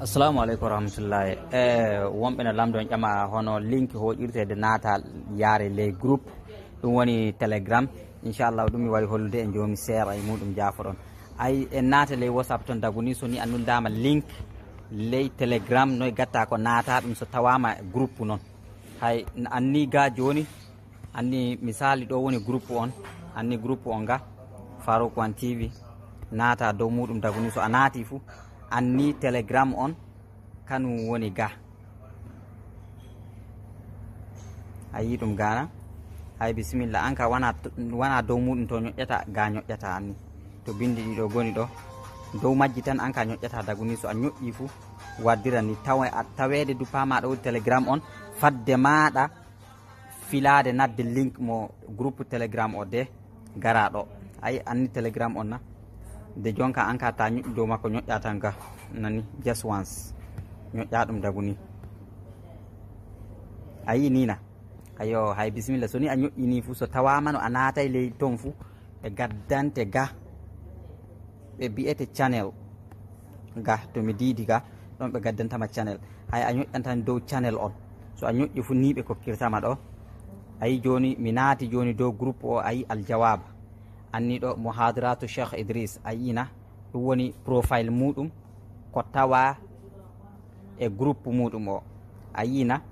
assalamu aleykum wa rahmatullahi e wonɓe no lamdon ƴama hono link hoƴirtede naata yaare ley groupe ɗum woni télégram inchallahu ɗum mi wawi hollude e joomi seeɗa e muɗum jaafoɗon ay en naata ley whatsapp toon daguni so ni annundama link ley télégram noye gatta ko naata ɗum so tawama groupe noon hay anni ga joni anni misali ɗo woni groupe on anni groupe on ga farou quan tv naata dow muɗum daguni so a naati fou anni telegram on kanum woni ga ayi ɗum gana hay bisimilla an ka wana wana dow muɗum to ñoƴƴata ga ñoƴƴata anni to bindi ɗiɗo goni ɗo dow majji tan an ka ñoƴƴata daguni so a ñoƴƴi fou waddira ni taw tawede du pamaɗa wodi telegram on fadde maɗa filade nadde link mo groupe telegram o de gara ɗo ayi anni telegram on na de jonka en ka ta dow makko ñoƴƴa tan ga nani jus once ñoƴƴa ɗum daguni a yi nina ayo hay bisimilla soni a ñoƴƴini fu so tawamano a naata e ley ton fu ɓe gaddante ga ɓe mbiyete channel ga to mi diidi ga ɗon ɓe gaddantama channel hay a ñoƴƴantan dow channel on so a ñoƴƴi fu ni ɓe kokkirtama ɗo ayi joni mi naati joni dow groupe o ayi aljawaba anniɗo mohadratu cheikh idris a yiina ɗum woni profile muɗum ko tawa e groupe muɗum o a yiina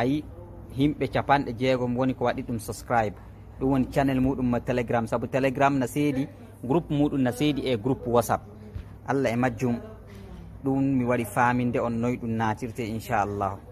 ayi himɓe capanɗe jeegom woni ko waɗi ɗum souscribe ɗum woni channel muɗum ma télégramme saabu télégramme na seedi groupe muɗum na seedi e groupe whatsapp allah e majjum ɗum mi waɗi faminde on noyi ɗum natirte inchallahu